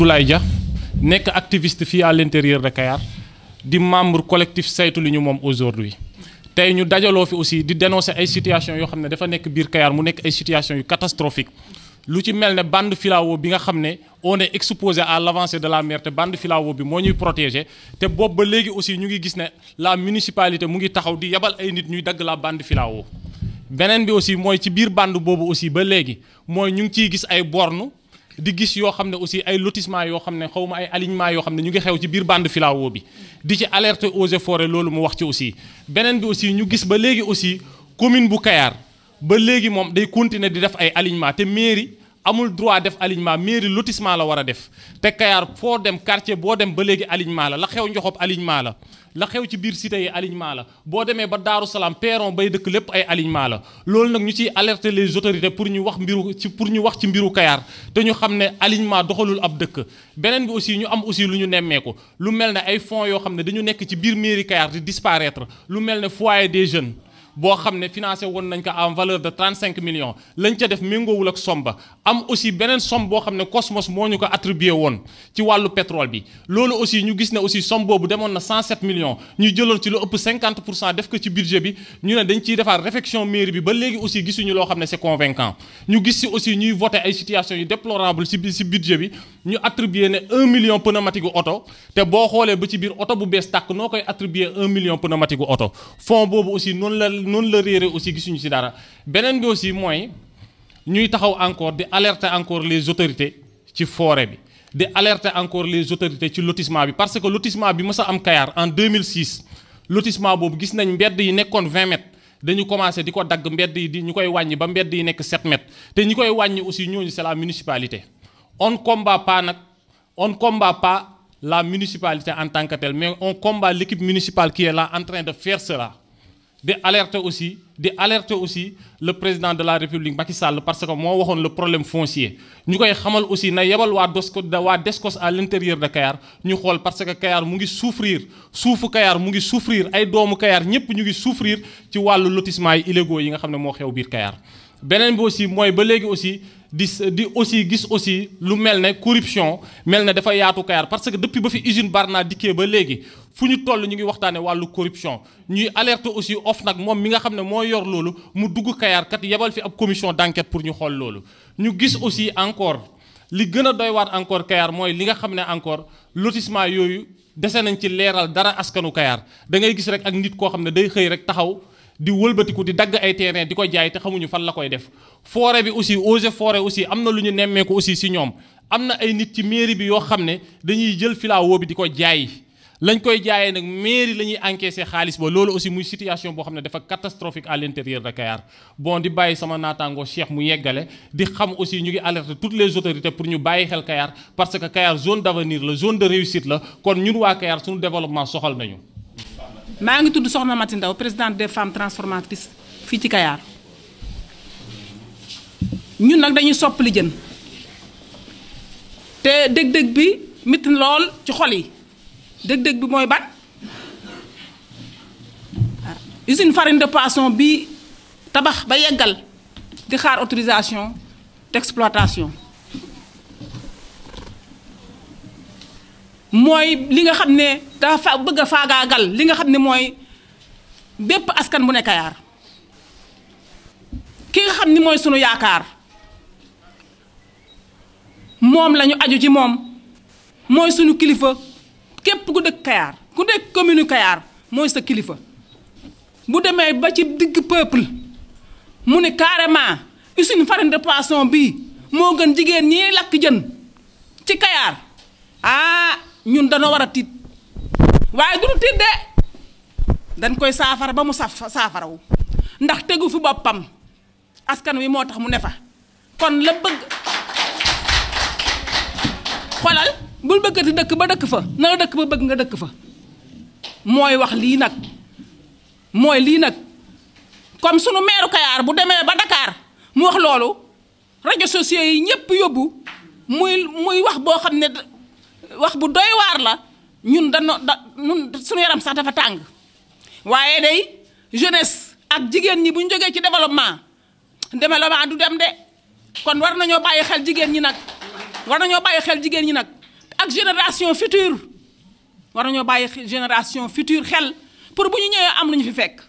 Abdoulaye Dia nekk activiste fii à l'intérieur de Kayar di membre collectif saytu lu ñu moom aujourd'hui tey ñu dajaloo fi aussi di dénoncer ay situation yoo xam ne dafa nekk biir Kayar mu nekk ay situation yu catastrophique lu ci mel ne band filao bi nga xam ne on est exposé à lavancé de la mer te bande filao bi moo ñuy protéger te boobu ba léegi aussi ñu ngi gis ne la municipalité mu ngi taxaw di yabal ay nit ñuy dagg la bande filao beneen bi aussi mooy boobu aussi ba léegi mooy gis ay bornes di gis yoo xam ne aussi ay lotissement yoo xam ne xaw ma ay alignement yoo xam ne ñu ngi xew ci biir bande filao bi di ci alerte eaux et loolu mu wax ci aussi beneen bi aussi ñu gis ba léegi aussi commune bu kayaar ba léegi moom day continuer di def ay alignement te mairie amul droit def alignement mairie lotissement la war a def te Kayar foo dem quartier boo dem ba léegi alignement la la xew njoxob alignement la la xew ci biir cité yi alignement la boo demee ba Daaru Salaam perron bay dëkk lépp ay alignement la loolu nag ñu ciy alerter les autorités pour ñu wax mbiru ci pour ñu wax ci mbiru kayaar te ñu xam ne alignement doxalul ab dëkk beneen bi aussi ñu am aussi lu ñu nemmee ko lu mel ne ay fonds yoo xam ne dañu nekk ci biir mairie Kayar di lu mel ne foyer des jeunes boo xam ne financé woon nañ ko en valeur de 35 millions lañ ca def méngoowul ak somme ba am aussi beneen somme boo xam ne Cosmos moo ñu ko attribué woon ci wàllu pétrole bi loolu aussi ñu gis ne aussi somme boobu demoon na millions ñu jëloon ci lu ëpp def ko ci budget bi ñu ne dañ ciy defaat réflexion mairie bi ba léegi aussi gisuñu loo xam ne c'est convaincant ñu gis si aussi ñuy voté ay situations yu déplorable si si bi ñu attribué ne 1 million pneumatique gu oto boo xoolee ba ci biir oto bu bees tàkk noo koy attribué 1 million pneumatique gu oto noonu la réere aussi gisuñu ci dara beneen bi aussi mooy ñuy taxaw encore di alerte encore les autorités ci foore bi di alerte encore les autorités ci lotissement bi parce que lotissement bi mësa am Kayar en 2006 lotissement boobu gis nañ mbedd yi nekkoon 20 dañu commencé di ko dagg mbedd yi di ñu koy wàññi ba mbedd yi nekk 7 mètres te ñi koy wàññi aussi ñooñu c'est la municipalité on combat pas nag on combat pas la municipalité en tant mais on combat l'équipe municipale qui est de faire cela di alerte aussi di alerte aussi le président de la république Macky Sall parce que moo waxoon le problème foncier ñu koy xamal aussi na yebal waa Descos waa Descos à l'intérieur de Kayar ñu xool parce que Kayar mu ngi souffrir suufu Kayar mu ngi souffrir ay doomu Kayar ñëpp ñu ngi souffrir ci wàllu lotissement yi illégaux yi nga xam ne moo xew biir Kayar beneen bi aussi mooy ba léegi aussi. di di aussi gis aussi lu mel ne corruption mel ne dafa yaatu Kayar parce que depuis ba fi usine Barna dikkee ba léegi fu ñu toll ñu ngi waxtaane wàllu corruption ñuy alerte aussi OFNAC moom mi nga xam ne moo yor loolu mu dugg Kayar kat yebal fi ab commission d'enquête pour ñu xool loolu. ñu gis aussi encore li gën a doy encore Kayar mooy li nga xam ne encore lotissement yooyu dese nañ ci leeral dara askanu Kayar da ngay gis rek ak nit koo xam ne day xëy rek taxaw. di wëlbatiku di dagg ay terrain di ko jaay te xamuñu fan la koy def forêt bi aussi eaux et aussi am na lu ñu nemmeeku aussi si ñoom am na ay nit ci mairie bi yoo xam ne dañuy jël filawoo bi di ko jaay lañ koy jaayee nag mairie la ñuy encaissé xaalis ba loolu aussi muy situation boo xam ne dafa catastrophique à l'intérieur de Kayar bon di bàyyi sama naataango Cheikh mu yeggale di xam aussi ñu ngi alerter toutes les autorités pour ñu bàyyi xel Kayar parce que Kayar zone la zone de réussite la kon ñun waa Kayar développement soxal nañu maa ngi tudd Soxna Mati Ndaw présidente des femmes fii ci Kayar ñun nag dañuy soppali jën te dëg-dëg bi mit lool ci xol yi dëg-dëg bi mooy ban usine farine de poisson bi tabax ba yeggal di xaar autorisation exploitation mooy li nga xam ne dafa bëgg a faagaagal li nga xam ne mooy bépp askan bu ne Kayaar ki nga xam ne mooy sunu yaakaar moom lañu aju ci moom mooy sunu kilifa képp ku dëkk Kayaar ku dëkk commune Kayaar mooy sa kilifa bu demee ba ci digg peuple mu ne carrément usine farine de poisson bii moo gën jigéen ñi lakk jën ci Kayaar ah ñun dañoo war a tiit waaye du tiit de dañ koy saafara ba mu saf saafarawu ndax tegu fi boppam askan wi moo tax mu ne fa kon la bëgg xolal bul bëggati dëkk ba dëkk fa na la dëkk ba bëgg nga dëkk fa mooy wax lii nag mooy lii nag comme sunu meeru Kayaar bu demee ba Dakar mu wax loolu rajo sociaux yi ñëpp yóbbu muy muy wax boo xam ne. wax bu doy waar la ñun dañoo da ñun suñu yaram sax dafa tàng waaye day jeunesse ak jigéen ñi bu ñu jógee ci développement développement du dem de kon war nañoo bàyyi xel jigéen ñi nag war nañoo bàyyi xel jigéen ñi nag ak génération future war nañoo bàyyi génération future xel pour bu ñu ñëwee am nañu fi fekk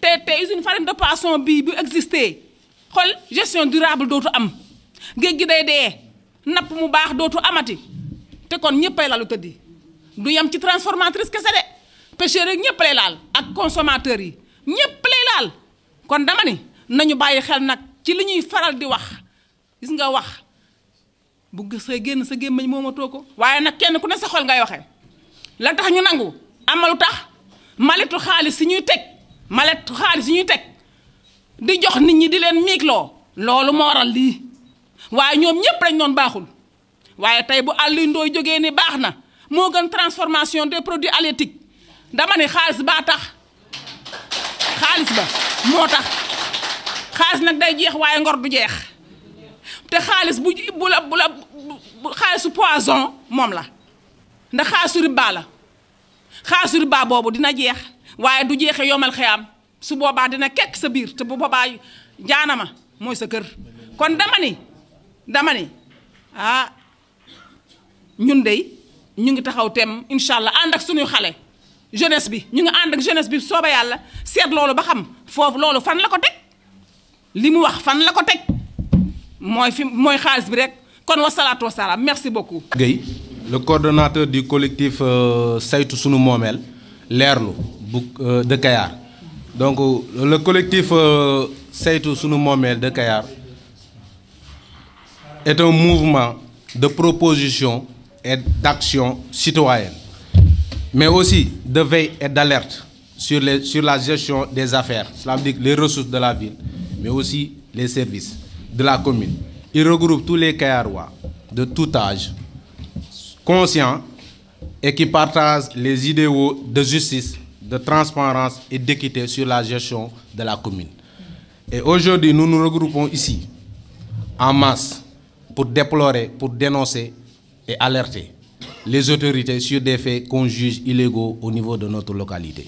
te te usine farine de poisson bii bu existé xool gestion durable dootu am géej gi day dee napp mu baax dootu amati. te kon ñëppay lalu tëddi du yem ci transformatrice kese de pêcheurs yi ñëpp lay laal ak consomateur yi ñëpp lay laal kon dama ni nañu bàyyi xel nag ci li ñuy faral di wax gis nga wax bu sa génn sa gémmañ moomatoo ko waaye nag kenn ku ne sa xol ngay waxee la tax ñu nangu amalu tax maletu xaalis si ñuy teg maletu xaalis si ñuy teg di jox nit ñi di leen miikloo loolu moo waral lii waaye ñoom ñëpp lañ doon baaxul waaye tey bu àllindooy jógee ni baax na moo gën transformation des produit halieutiques dama ne xaalis baa tax xaalis ba moo tax xaalis nag day jeex waaye ngor du jeex te xaalis bu bu la bu la xaalisu poison moom la ndax xaalisu riba la xaalisu riba boobu dina jeex waaye du jeexee yomal xeyaam su boobaa dina kekk sa biir te bu boobaa jaanama mooy sa kër kon dama ni dama ni ah. ñun dey ñu ngi taxaw tem incha allah ànd ak suñuy xale jeunesse bi ñu ngi ànd ak jeunesse bi sooba yàlla seet loolu ba xam foofu loolu fan la ko teg li mu wax fan la ko teg mooy fi mooy xaalis bi rek kon wasalaatu wasalaam merci beaucoup. Guèye le coordonnateur du collectif euh, saytu suñu moomeel leerlu bu euh, de Kayar donc euh, le collectif saytu sunu moomeel de Kayar est un mouvement de proposition. et d'action citoyenne, mais aussi de veille et d'alerte sur, les, sur la gestion des affaires, cela veut dire les ressources de la ville, mais aussi les services de la commune. Il regroupe tous les Kayarois de tout âge, conscients et qui partagent les idéaux de justice, de transparence et d'équité sur la gestion de la commune. Et aujourd'hui, nous nous regroupons ici, en masse, pour déplorer, pour dénoncer et alerter les autorités sur des faits qu'on juge illégaux au niveau de notre localité.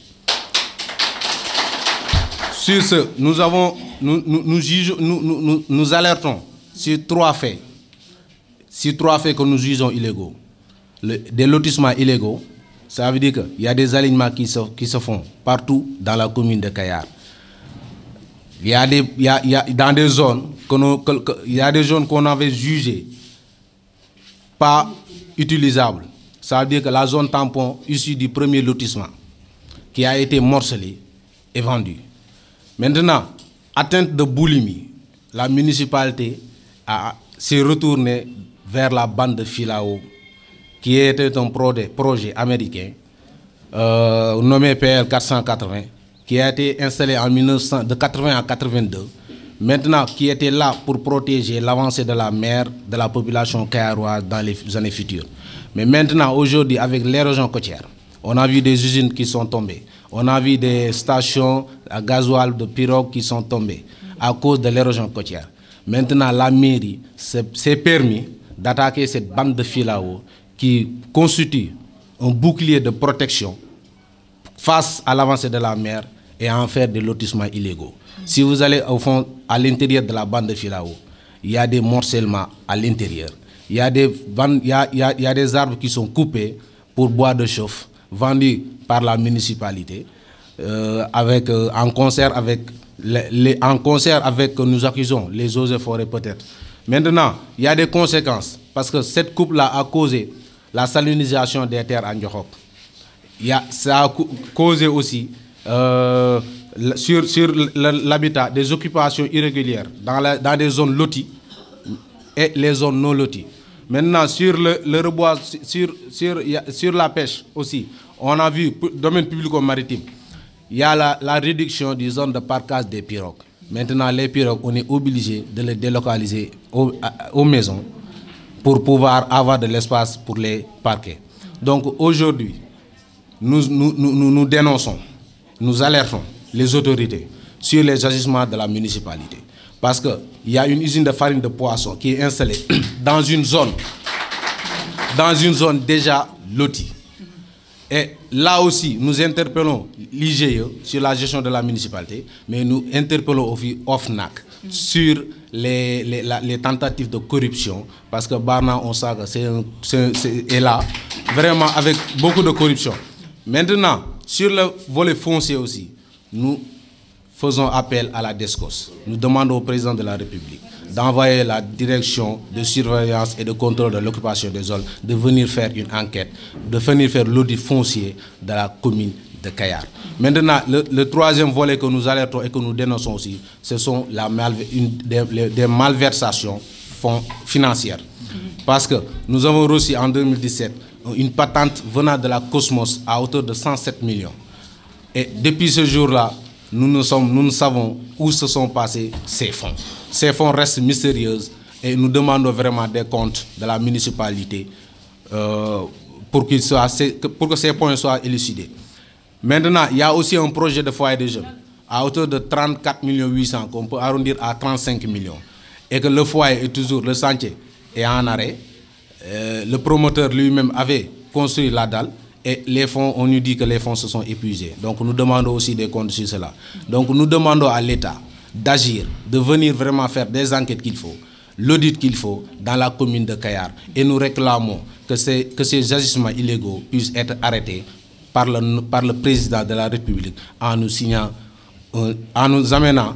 Sur ce, nous, avons, nous, nous, nous, nous, nous alertons sur trois faits. Sur trois faits que nous jugeons illégaux. Le, des lotissements illégaux, ça veut dire qu'il y a des alignements qui se, font partout dans la commune de Kayar. Il y a des, il y dans des zones qu'on que, que, il y a des zones qu'on avait jugées pas utilisable. Ça veut que la zone tampon issue du premier lotissement qui a été morcelée est vendue. Maintenant, atteinte de boulimie, la municipalité s'est retournée vers la bande de Filao, qui était un projet, projet américain euh, nommé PL 480, qui a été installé en 1900, de 80 à Maintenant, qui était là pour protéger l'avancée de la mer, de la population caillaroise dans les années futures. Mais maintenant, aujourd'hui, avec l'érosion côtière, on a vu des usines qui sont tombées. On a vu des stations à gasoil de pirogue qui sont tombées à cause de l'érosion côtière. Maintenant, la mairie s'est permis d'attaquer cette bande de filao qui constitue un bouclier de protection face à l'avancée de la mer et à en faire des lotissements illégaux. Si vous allez au fond, à l'intérieur de la bande de Filao, y a des morcellements à l'intérieur. y, a des bandes, il, y a, il y des arbres qui sont coupés pour bois de chauffe, vendus par la municipalité, euh, avec, euh, en concert avec, les, les, en concert avec, euh, nous accusons, les eaux et peut-être. Maintenant, y a des conséquences, parce que cette coupe-là a causé la salinisation des terres en Djokhok. y a, ça a causé aussi euh, sur sur l'habitat des occupations irrégulières dans la dans des zones loties et les zones non loties maintenant sur le le sur sur sur la pêche aussi on a vu domaine publico-maritime il la la réduction des zone de parcage des pirogues maintenant les pirogues on est obligé de les délocaliser aux, aux maisons pour pouvoir avoir de l'espace pour les parquer donc aujourd'hui nous nous nous nous dénonçons nous alertons les autorités sur les agissements de la municipalité. Parce qu'il y a une usine de farine de poisson qui est installée dans une zone, dans une zone déjà lotie. Et là aussi, nous interpellons l'IGE sur la gestion de la municipalité, mais nous interpellons aussi OFNAC sur les, les, la, les, tentatives de corruption, parce que Barna, on sait que c'est, est là, vraiment avec beaucoup de corruption. Maintenant, sur le volet foncier aussi, nous faisons appel à la DESCOS. Nous demandons au de la République d'envoyer la direction de surveillance et de contrôle de l'occupation des sols de venir faire une enquête, de venir faire l'audit foncier de la commune de Kayar. Maintenant, le, le, troisième volet que nous alertons et que nous dénonçons aussi, ce sont la malver, une, des, les, des, malversations fonds financières. Parce que nous avons reçu en 2017 une patente venant de la Cosmos à hauteur de 107 millions. Et depuis ce jour-là, nous, nous, sommes, nous ne savons où se sont passés ces fonds. Ces fonds restent mystérieux et nous demandons vraiment des comptes de la municipalité euh, pour, qu soit, pour que ces points soient élucidés. Maintenant, il y a aussi un projet de foyer des jeunes à hauteur de 34 millions 800 qu'on peut arrondir à 35 millions et que le foyer est toujours, le sentier est en arrêt. Euh, le promoteur lui-même avait construit là dalle et les fonds, on nous dit que les fonds se sont épuisés. Donc nous demandons aussi des comptes sur cela. Donc nous demandons à l'État d'agir, de venir vraiment faire des enquêtes qu'il faut, l'audit qu'il faut dans la commune de Kayar. Et nous réclamons que ces, que ces agissements illégaux puissent être arrêtés par le, président de la République en nous signant, en nous amenant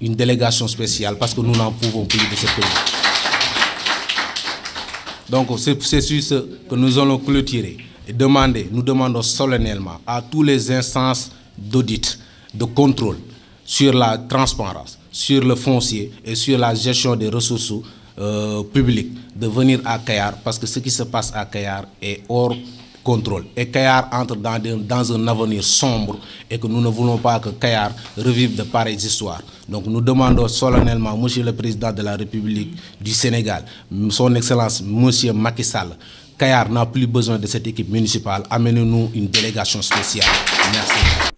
une délégation spéciale parce que nous n'en pouvons plus de ce pays. Donc c'est sur ce et demander, nous demandons solennellement à toutes les instances d'audit, de contrôle sur la transparence, sur le foncier et sur la gestion des ressources euh, publiques de venir à Kayar parce que ce qui se passe à Kayar est hors contrôle. Et Kayar entre dans, de, dans, un avenir sombre et que nous ne voulons pas que Kayar revive de pareilles histoires. Donc nous demandons solennellement, Monsieur le Président de la République du Sénégal, Son Excellence, Monsieur Macky Sall, Kayar n'a plus besoin de cette équipe municipale. Amenez-nous une délégation spéciale. Merci.